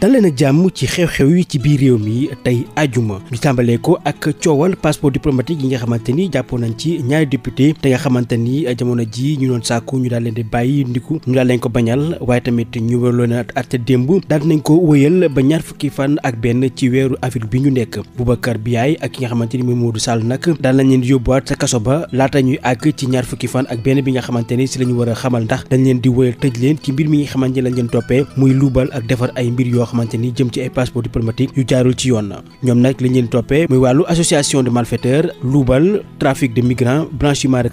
dalee na jàmm ci xew-xew yi ci biir réew mi tey ajuma ñu tàmbalee ko ak coowal passeport diplomatique yi nga xamante ni jàppoon nañ ci ñaari député te nga xamante ni jamono ji ñu doon sàkku ñu daal leen di bàyyi ndiku ñu daal leen ko bañal waaye tamit ñu waroon a àtte démb daal nañ ko wëyal ba ñaar fukki fan ak benn ci weeru avril bi ñu nekk Boubacar Biaye ak ki nga xamante ni moo Modou saal nag daal nañ leen di sa kaso ba laata ñuy àgg ci ñaar fukki fan ak benn bi nga xamante ni si la war a xamal ndax dañ leen di wëyal tëj leen ci mbir mi nga xamante ni lañ leen toppee muy luubal ak defar ay mbir yoo xamante ni jëm ci ay passeport diplomatique yu jaarul ci yoon ñoom nag li ñu leen toppee muy wàllu association de malfaiteurs luubal trafic de migrants blanchiment de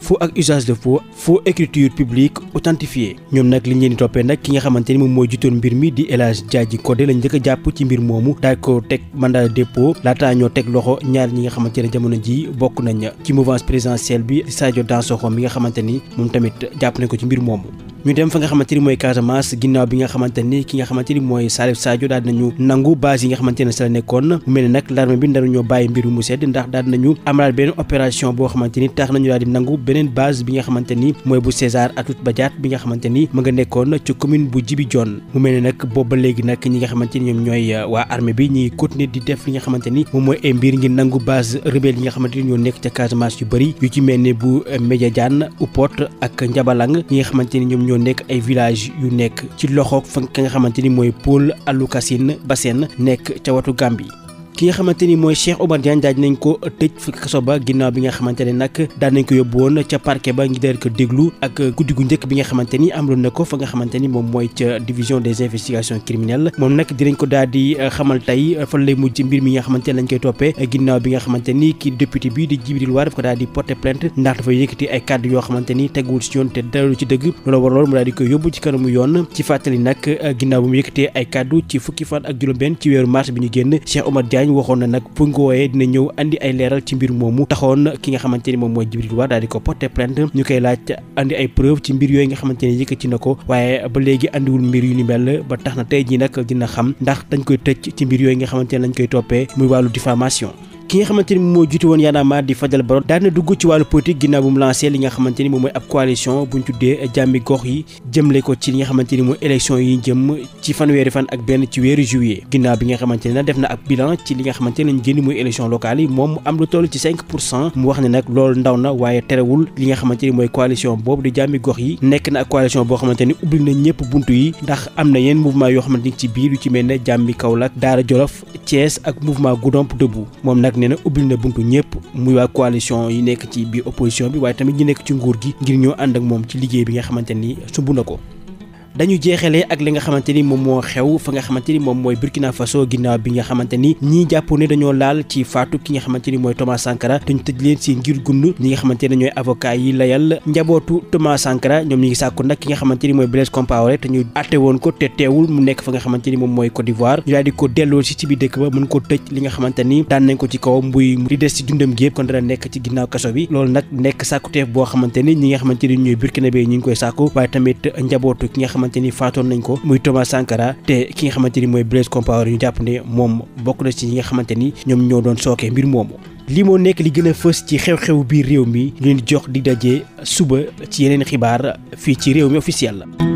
faux ak usage de faux faux écriture publique authentifiée ñoom nag li ñu leen toppee nag ki nga xamante ni moom mooy jutoon mbir mi di El Hadj Diadji Codé lañ njëkk a jàpp ci mbir moomu daal ko teg mandat de dépôt laataa ñoo teg loxo ñaar ñi nga xamante ne jamono ji bokk nañ ci mouvance présidentielle bi Sadio Dansokho mi nga xamante ni moom tamit jàpp nañ ko ci bi nga xamante ni ki nga xamante ni mooy Salif Sadio daal nañu nangu base yi nga xamante ne sa la nekkoon mu mel ni nag l'armée bi ndaruñoo bàyyi mbiru mu sedd ndax daal amalaat beneen opération boo xamante tax nañu daal di nangu beneen base bi nga xamante mooy bu César Atoute Badiate bi nga xamante ni nga nekkoon ca Casamance yu bëri yu ci mel ni bu uh, Médiadiane Oupot ak Njabalang ñi nga xamante ñoom ñoo nekk ay village yu nekk ci loxoog fa nga xamante mooy pôle Abdoul Alou Kassine Bassène nekk ca watu Gambie ki nga xamante ni mooy Cheikh Oumar Diagne daaj nañ ko tëj kaso ba ginnaaw bi nga xamante ne nag daan nañ ko yóbbu woon ca parquet ba ngi deel ko déglu ak guddi gu njëkk bi nga xamante ni amloon na ko fa nga xamante ni moom mooy ca division des investigations criminelles moom nag dinañ ko daal di euh, xamal tey euh, fan lay mujj mbir mi nga xamante ne lañ koy toppee ginnaaw bi nga xamante ni kii député bi di Djibril War daf ko daal di porter plainte ndax dafa yëkkati yoo xamante ni te dalalu ci dëgg loolu war loolu mu daal yoon ci fàttali nag euh, ginnaaw bu mu yëkkatee ay kàddu ci fukki benn ci weeru mars bi ñu lañ waxoon na nag buñ dina ñëw andi ay leeral ci mbir moomu taxoon ki nga xamante ni moom mooy Djibril War daal ko porter plainte ñu koy laaj andi ay preuve ci mbir yooyu nga xamante ni ci na ko waaye ba léegi andiwul mbir yu ni mel ba tax na tey jii nag dina xam ndax dañ koy tëj ci mbir yooyu nga xamante ne lañ koy toppee muy wàllu diffamation ki nga xamante ni moo jiitu woon Y'en a marre di Fadel Barro daal na dugg ci wàllu politique ginnaaw bu mu lancé li nga xamante ni moom mooy ab coalition bu ñu tuddee jàmmi gox yi jëmle ko ci xamante ni mooy élection yi jëm ci fanweeri fan ak benn ci weeru juillet ginnaaw bi nga xamante ne def na ab bilan ci li nga xamante ne lañ génn mooy élection locale yi moom mu am lu toll ci 5 pour cent mu wax ne nag loolu ndaw na waaye terewul li nga xamante ni mooy coalition boobu di jàmmi gox yi nekk na ak coalition boo xamante ni ubbil na ñëpp buntu yi ndax am na yenn mouvement yoo xamante ni ci biir yu ci mel ne jàmmi Kaolack Daara Jolof Thiès ak mouvement Goudomp Debout moom nag nee na ubbil na buntu ñëpp muy waa coalition yi nekk ci biir opposition bi waaye tamit ñi nekk ci nguur gi ngir ñoo ànd ak moom ci liggéey bi nga xamante ni sumb na ko dañu jeexalee ak li nga xamante ni moom xew fa nga xamante ni moom mooy Burkina Faso ginnaaw bi nga xamante ni ñii jàpp ne dañoo laal ci faatu ki nga xamante ni mooy Thomas Sankara te tëj leen si ngir gund ñi nga xamante ne ñooy avocat yi layal njabootu Thomas Sankara ñoom ñi ngi sàkku nag ki nga xamante ni mooy Blaise Compaoré te ñu àtte woon ko te teewul mu nekk fa nga xamante ni moom mooy Côte d'Ivoire ñu daal ko delloo si ci bi dëkk ba mën ko tëj li nga xamante ni daan nañ ko ci kaw mbuy di des ci dundam gi yëpp kon dana nekk ci ginnaaw kaso bi loolu nag nekk sàkkuteef boo xamante ni ñi nga xamante ni ñooy Burkina bi ñu ngi koy sàkku waaye tamit njabootu ki nga xamante xamante ni faatoon nañ ko muy Thomas Sankara te ki nga xamante ni mooy Blaise Compaoré ñu jàpp ne moom bokk na ci ñi nga xamante ni ñoom ñoo doon sooke mbir moomu. lii moo nekk li gën a fës ci xew-xew biir réew mi ñu leen jox di daje suba ci yeneen xibaar fii ci réew mi officiel la.